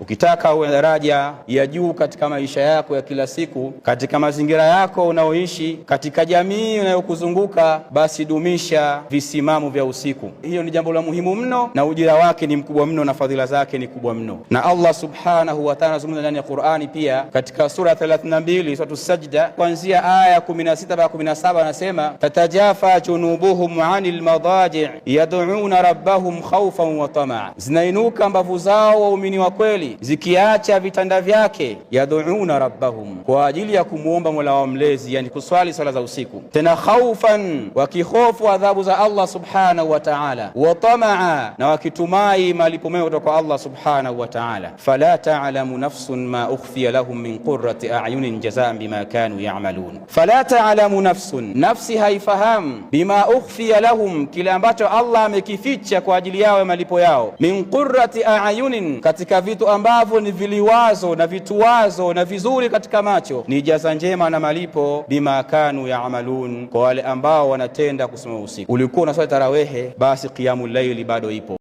Ukitaka uwe daraja ya juu katika maisha yako ya kila siku, katika mazingira yako unaoishi, katika jamii unayokuzunguka, basi dumisha visimamo vya usiku. Hiyo ni jambo la muhimu mno, na ujira wake ni mkubwa mno, na fadhila zake ni kubwa mno. Na Allah subhanahu wa ta'ala anazungumza ndani ya Qur'ani pia katika sura 32 suratu Sajda, kuanzia aya 16 mpaka 17, anasema tatajafa junubuhum anil madaji yad'una rabbahum khawfan wa tamaa, zinainuka mbavu zao waumini wa kweli zikiacha vitanda vyake, yaduuna rabbahum, kwa ajili ya kumwomba Mola wao mlezi, yani kuswali swala za usiku, tena khaufan, wakihofu adhabu za Allah subhanahu wa ta'ala, wa tamaa, na wakitumai malipo mema kutoka Allah subhanahu wa ta'ala. Fala ta'lamu nafsun ma ukhfiya lahum min qurrati a'yunin jazaan bima kanu ya'malun. Fala ta'lamu nafsun, nafsi haifahamu, bima ukhfiya lahum, kile ambacho Allah amekificha kwa ajili yao ya malipo yao, min qurrati a'yunin, katika vitu ambavyo ni viliwazo na vituwazo na vizuri katika macho, ni jaza njema na malipo bima kanu yaamalun, kwa wale ambao wanatenda kusimama usiku. Ulikuwa unaswali tarawehe, basi kiamu laili bado ipo.